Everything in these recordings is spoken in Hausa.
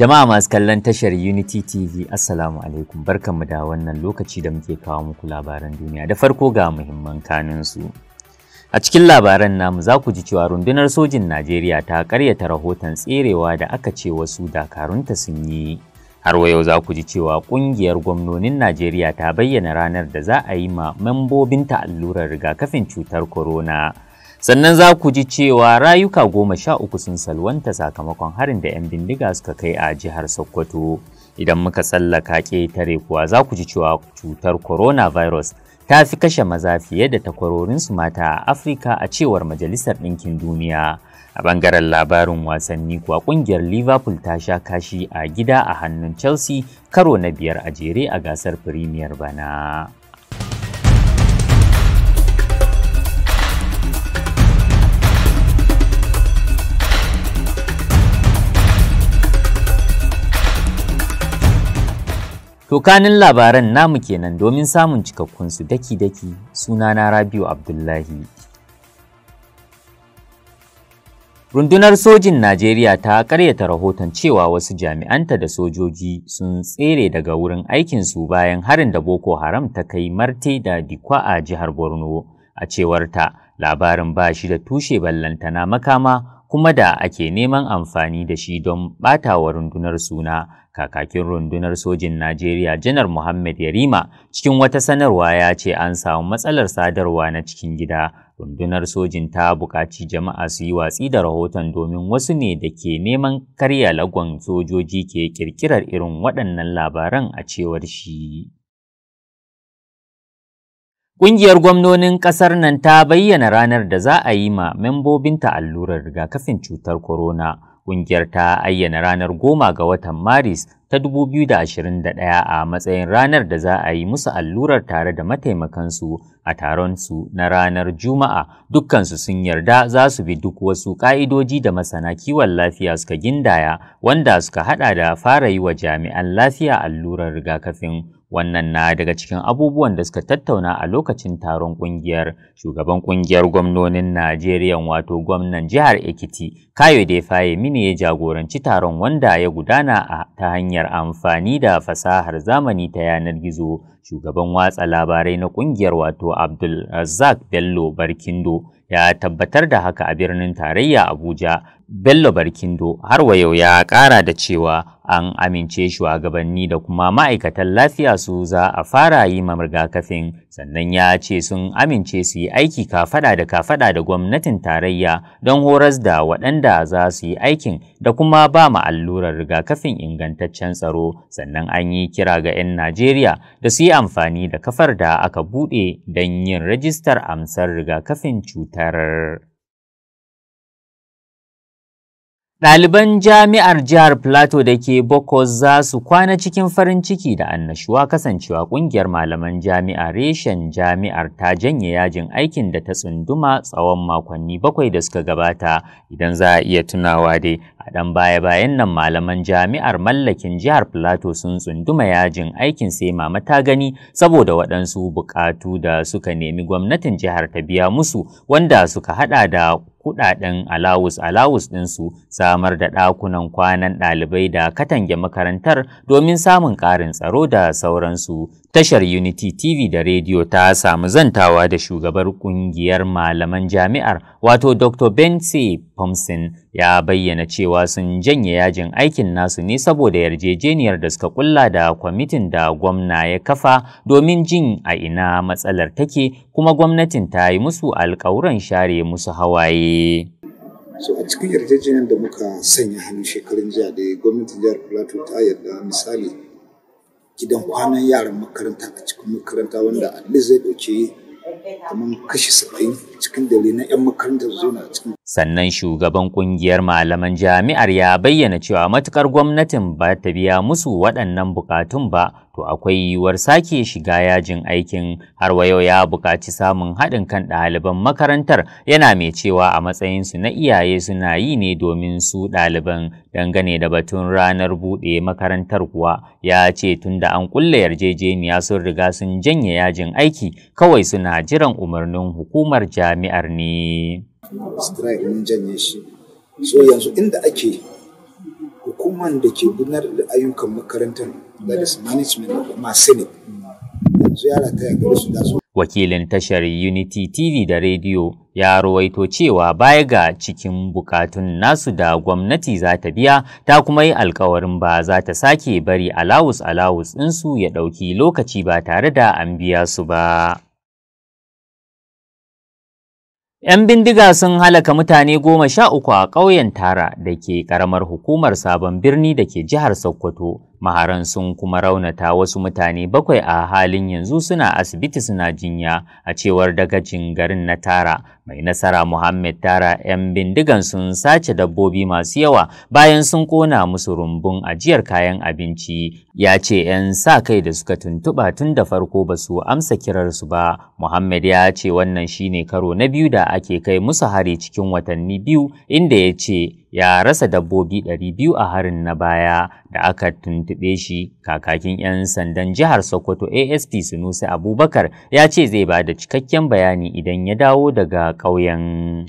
Jama'a masu kallon tashar Unity TV, Assalamu alaikum, barkanmu da wannan lokaci da muke kawo muku labaran duniya. Da farko ga muhimman su A cikin labaran namu za ku ji cewa rundunar sojin Najeriya ta karyata rahoton tserewa da aka ce wasu dakarunta sun yi. Har wa yau za ku ji cewa kungiyar gwamnonin Najeriya ta bayyana ranar da za a yi ma membobinta allurar rigakafin cutar corona. sannan za ku ji cewa rayuka goma sha uku sun salwanta sakamakon harin da 'yan bindiga suka kai a jihar sokoto idan muka tsallaka ƙetare kuwa za ku ji cewa cutar coronavirus ta fi kashe maza fiye da takwarorin su mata a afirka a cewar majalisar ɗinkin duniya a bangaren labarin wasanni kuwa ƙungiyar liverpool ta sha kashi a gida a hannun chelsea karo na biyar a jere a gasar premier bana To kanin labaran namu kenan domin samun cikakkunsu daki-daki sunana Rabiu Abdullahi. Rundunar sojin Najeriya ta karyata rahoton cewa wasu jami'anta da sojoji sun tsere daga wurin aikinsu bayan harin da Boko Haram ta kai Marte da Dikwa a jihar Borno. A cewarta, labarin ba shi da tushe ballantana makama kuma da ake neman amfani da shi don ɓatawa rundunar suna kakakin rundunar sojin najeriya janar muhammad yarima cikin wata sanarwa ya ce an samu matsalar sadarwa na cikin gida rundunar sojin ta buƙaci jama'a su yi watsi da rahoton domin wasu ne da ke neman karya lagon sojoji ke ƙirƙirar irin waɗannan labaran a cewar shi Ƙungiyar gwamnonin ƙasar nan ta bayyana ranar da za a yi ma membobinta allurar rigakafin cutar corona. Ƙungiyar ta ayyana ranar goma ga watan Maris ta 2021 a matsayin ranar da za a yi musu allurar tare da mataimakansu a taron su na ranar Juma'a. Dukkansu sun yarda za su bi duk wasu ƙa'idoji da masana kiwon lafiya suka gindaya wanda suka haɗa da fara yi wa jami'an lafiya allurar rigakafin. Wannan na daga cikin abubuwan da suka tattauna a lokacin taron kungiyar shugaban kungiyar gwamnonin Najeriya wato gwamnan jihar Ekiti faye mini ya jagoranci taron wanda ya gudana a ta hanyar amfani da fasahar zamani ta yanar gizo. Shugaban watsa labarai na kungiyar wato Abdul Bello Barkindo ya tabbatar da haka a birnin tarayya Abuja. Bello Barkindo har wa yau ya kara da cewa an amince shugabanni da kuma ma'aikatan lafiya su za a fara yi ma rigakafin sannan ya ce sun amince su yi aiki kafada da kafada da gwamnatin tarayya don horas da waɗanda za su yi aikin da kuma ba ma allurar rigakafin ingantaccen tsaro sannan an yi kira ga 'yan Najeriya da su yi amfani da kafar da aka buɗe don yin rajistar amsar rigakafin cutar. Ɗaliban jami'ar jihar Plateau da ke Boko za su kwana cikin farin ciki da annashuwa kasancewa ƙungiyar malaman jami'a reshen jami'ar ta janye yajin aikin da ta tsunduma tsawon makonni bakwai da suka gabata idan za a iya tunawa dai A ɗan baya-bayan nan malaman jami'ar mallakin jihar plateau sun tsunduma yajin aikin sai mama ta gani saboda waɗansu buƙatu da suka nemi gwamnatin jihar ta biya musu wanda suka haɗa da kuɗaɗen alawus-alawus ɗinsu samar da ɗakunan kwanan ɗalibai da katange makarantar domin samun ƙarin tsaro da sauransu Tashar Unity TV da rediyo ta samu zantawa da shugabar kungiyar malaman jami'ar wato Dr. Bensi pomson ya bayyana cewa sun janye yajin aikin nasu ne saboda yarjejeniyar da suka kulla da kwamitin da gwamna ya kafa domin jin a ina matsalar take kuma gwamnatin ta yi musu alkawuran share musu hawaye. so a cikin yarjejeniyar da muka sanya hannu shekarun jiya da gwamnatin jihar plateau ta yarda misali gidan kwanan yaran makaranta a cikin makaranta wanda a zai ɗauki kamar kashi saba'in cikin dare na 'yan makaranta zuwa cikin sannan shugaban kungiyar malaman jami'ar ya bayyana cewa matukar gwamnatin ba ta biya musu waɗannan bukatun ba to akwai yiwuwar sake shiga yajin aikin har wa yau ya buƙaci samun haɗin kan ɗaliban makarantar yana mai cewa a matsayinsu na iyaye suna yi ne domin su ɗaliban dangane da batun ranar buɗe makarantar kuwa ya ce tunda an kulle yarjejeniya sun riga sun janye yajin aiki kawai suna jiran umarnin hukumar jami'ar ne. strike mun janye shi so yanzu inda ake hukumar da ke gudanar da ayyukan makarantar da management da kuma senate yanzu yara ta yaga su da su wakilin tashar unity tv da rediyo ya rawaito cewa baya ga cikin bukatun nasu da gwamnati za ta biya ta kuma yi alkawarin ba za ta sake bari alawus alawus ɗinsu ya ɗauki lokaci ba tare da an biya su ba 'Yan bindiga sun halaka mutane goma sha uku a ƙauyen Tara da ke ƙaramar hukumar Sabon Birni da ke jihar Sokoto maharan sun kuma raunata wasu mutane bakwai a halin yanzu suna asibiti suna jinya a cewar dagacin garin na tara mai nasara muhammed tara 'yan bindigan sun sace dabbobi masu yawa bayan sun kona musu rumbun ajiyar kayan abinci ya ce 'yan sa kai da suka tuntuɓa tun da farko ba su amsa kirarsu ba muhammed ya ce wannan shine karo na biyu da ake kai musu hari cikin watanni biyu inda ya ce ya rasa dabbobi 200 a harin na baya da aka tuntube shi kakakin 'yan sandan jihar sokoto asp sunusi abubakar ya ce zai ba da cikakken bayani idan ya dawo daga ƙauyen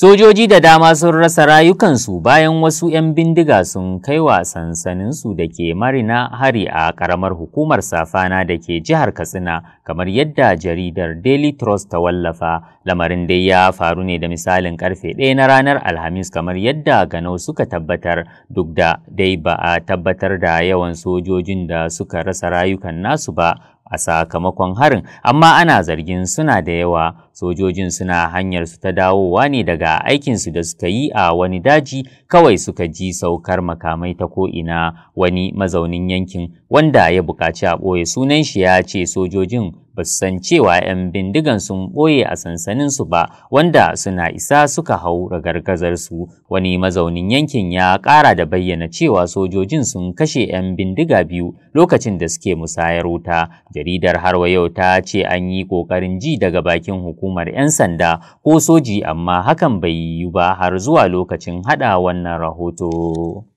Sojoji da dama sun rasa rayukansu bayan wasu 'yan bindiga sun kai wa sansaninsu da ke marina hari a ƙaramar hukumar safana da ke jihar Katsina kamar yadda jaridar Daily Trust ta wallafa. Lamarin dai ya faru ne da misalin ƙarfe ɗaya na ranar Alhamis kamar yadda ganau suka tabbatar duk da dai ba a tabbatar da yawan sojojin da suka rasa rayukan nasu ba a sakamakon harin amma ana zargin suna da yawa sojojin suna hanyar su ta dawowa ne daga aikinsu da suka yi a wani daji kawai suka ji saukar makamai ta ko'ina wani mazaunin yankin wanda ya buƙaci a ɓoye sunan shi ya ce sojojin ba san cewa 'yan bindigan sun ɓoye a sansaninsu ba wanda suna isa suka hau ragargazarsu wani mazaunin yankin ya ƙara da bayyana cewa sojojin sun kashe 'yan bindiga biyu lokacin da suke musayar wuta jaridar harwa yau ta ce an yi ƙoƙarin ji daga bakin hukumar 'yan sanda ko soji amma hakan bai yiwu ba har zuwa lokacin haɗa wannan rahoto.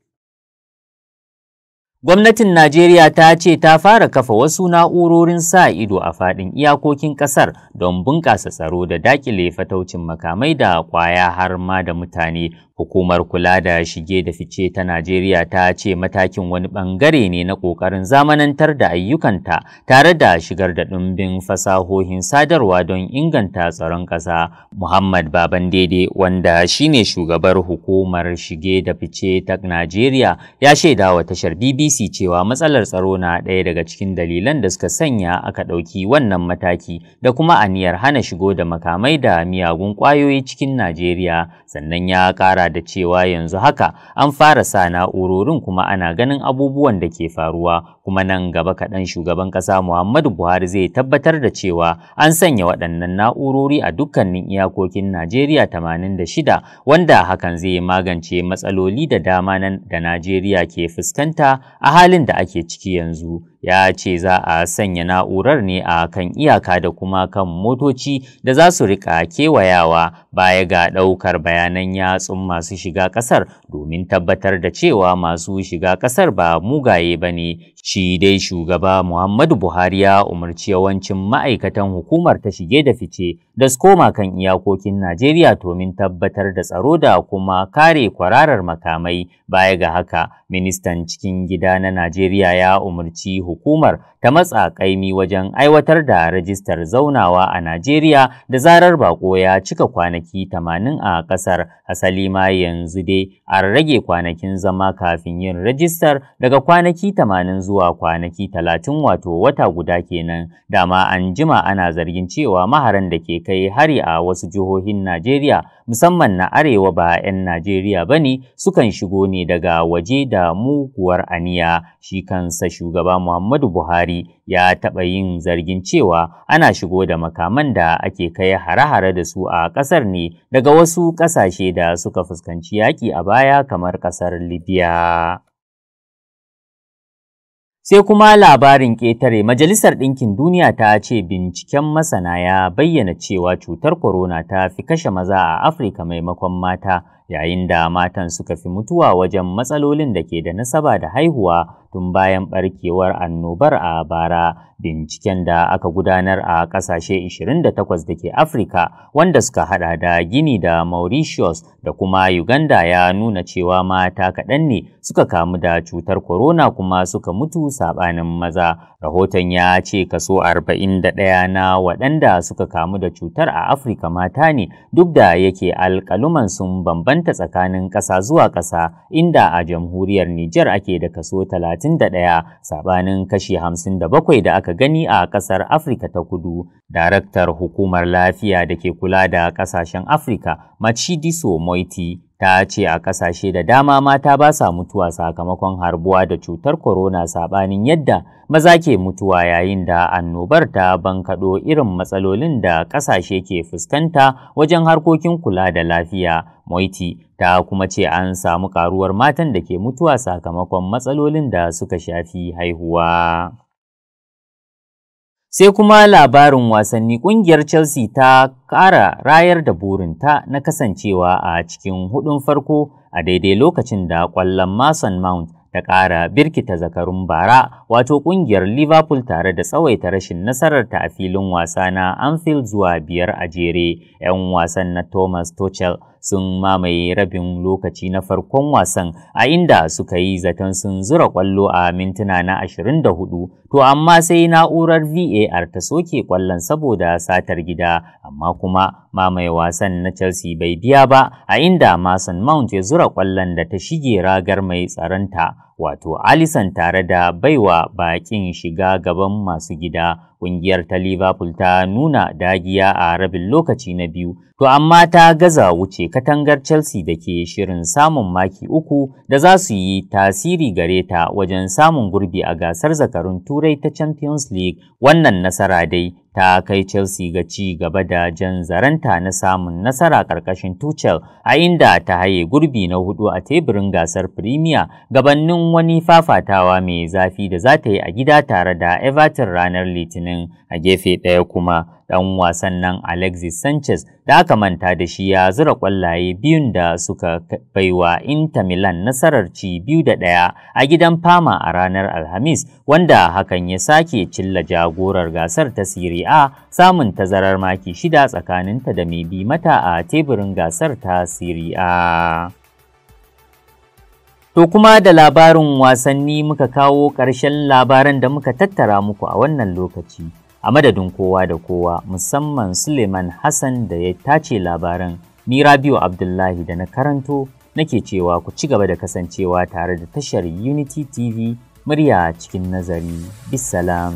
Gwamnatin Najeriya ta ce ta fara kafa wasu na'urorin sa ido a faɗin iyakokin ƙasar don bunƙasa tsaro da daƙile fataucin makamai da kwaya har ma da mutane Hukumar kula da shige da fice ta Najeriya ta ce matakin wani bangare ne na ƙoƙarin zamanantar da ayyukanta tare da shigar da ɗumbin fasahohin sadarwa don inganta tsaron ƙasa. Muhammad Baban Dede wanda shine shugabar hukumar shige da fice ta Najeriya ya shaida wa tashar BBC cewa matsalar tsaro na ɗaya daga cikin dalilan da suka sanya aka ɗauki wannan mataki da kuma aniyar hana shigo da makamai da miyagun ƙwayoyi cikin Najeriya sannan ya ƙara da cewa yanzu haka an fara sa na'urorin kuma ana ganin abubuwan da ke faruwa kuma nan gaba kaɗan shugaban ƙasa Muhammadu Buhari zai tabbatar da cewa an sanya waɗannan na'urori a dukkanin iyakokin Najeriya 86 wanda hakan zai magance matsaloli da dama da Najeriya ke fuskanta a halin da ake ciki yanzu. ya ce za a sanya na'urar ne a kan iyaka da kuma kan motoci da za su rika kewayawa baya ga ɗaukar bayanan yatsun masu shiga ƙasar domin tabbatar da cewa masu shiga ƙasar ba mugaye ba ne Shi dai shugaba Muhammadu Buhari ya umarci yawancin ma'aikatan hukumar ta shige da fice da su koma kan iyakokin Najeriya domin tabbatar da tsaro da kuma kare kwararar makamai. Baya ga haka, ministan cikin gida na Najeriya ya umarci hukumar ta matsa kaimi wajen aiwatar da rajistar zaunawa a Najeriya da zarar bako ya cika kwanaki 80 a ƙasar. Asali ma yanzu dai an rage kwanakin zama kafin yin rajistar daga kwanaki 80 zuwa zuwa kwanaki talatin wato wata guda kenan dama an jima ana zargin cewa maharan da ke kai hari a wasu jihohin najeriya musamman na arewa ba 'yan najeriya ba ne sukan shigo ne daga waje da muguwar aniya shi kansa shugaba muhammadu buhari ya taɓa yin zargin cewa ana shigo da makaman da ake kai hare-hare da su a ƙasar ne daga wasu ƙasashe da suka fuskanci yaƙi a baya kamar ƙasar libya Sai kuma labarin ƙetare Majalisar Ɗinkin Duniya ta ce binciken masana ya bayyana cewa cutar corona ta fi kashe maza a Afirka maimakon mata yayin da matan suka fi mutuwa wajen matsalolin da ke da nasaba da haihuwa tun bayan barkewar annobar a bara binciken da aka gudanar a ƙasashe 28 da ke afirka wanda suka hada da gini da mauritius da kuma uganda ya nuna cewa mata kaɗan ne suka kamu da cutar corona kuma suka mutu saɓanin maza rahoton ya ce kaso 41 na waɗanda suka kamu da cutar a afirka mata ne duk da yake alƙaluman sun bambanta bambanta tsakanin ƙasa zuwa ƙasa inda a jamhuriyar Nijar ake da kaso 31 sabanin kashi 57 da aka gani a ƙasar Afrika ta Kudu. Daraktar hukumar lafiya da ke kula da ƙasashen Afirka Machidiso Moiti ta ce a kasashe da dama mata ba sa mutuwa sakamakon harbuwa da cutar corona sabanin yadda maza ke mutuwa yayin da annobar ta bankaɗo irin matsalolin da kasashe ke fuskanta wajen harkokin kula da lafiya moiti ta kuma ce an samu karuwar matan da ke mutuwa sakamakon matsalolin da suka shafi haihuwa Sai kuma labarin wasanni ƙungiyar Chelsea ta ƙara rayar da burinta na kasancewa a cikin hudun farko a daidai lokacin da ƙwallon Mason Mount ta ƙara birkita zakarun bara wato ƙungiyar Liverpool tare da tsawaita rashin nasararta a filin wasa na Anfield zuwa biyar a jere 'yan wasan na Thomas Tuchel. sun mamaye rabin lokaci na farkon wasan a inda suka yi zaton sun zura kwallo a mintuna na 24 to amma sai na'urar VAR ta soke kwallon saboda satar gida amma kuma mamaye wasan na Chelsea bai biya ba a inda Mason Mount ya zura kwallon da ta shige ragar mai tsaronta wato Alisson tare da baiwa bakin shiga gaban masu gida ƙungiyar ta Liverpool ta nuna dagiya a rabin lokaci na biyu to amma ta gaza wuce katangar Chelsea da ke shirin samun maki uku da za su yi tasiri gare ta wajen samun gurbi a gasar zakarun Turai ta Champions League wannan nasara dai ta kai Chelsea ga ci gaba da jan zaranta na samun nasara ƙarƙashin Tuchel a inda ta haye gurbi na hudu a teburin gasar Premier gabanin wani fafatawa mai zafi da za ta yi a gida tare da Everton ranar Litinin a gefe ɗaya kuma Dan wasan nan Alexis Sanchez da aka manta da shi ya zura kwallaye biyun da suka baiwa Inter Milan nasarar ci biyu da ɗaya a gidan Fama a ranar Alhamis wanda hakan ya sake cilla jagorar gasar ta Serie A samun tazarar maki shida tsakaninta da mai bi mata a teburin gasar ta Serie A. To kuma da labarin wasanni muka kawo ƙarshen labaran da muka tattara muku a wannan lokaci. a madadin kowa da kowa musamman suleiman hassan da ya tace labaran ni rabiu abdullahi da na karanto nake cewa ku ci gaba da kasancewa tare da tashar unity tv murya cikin nazari bisalam.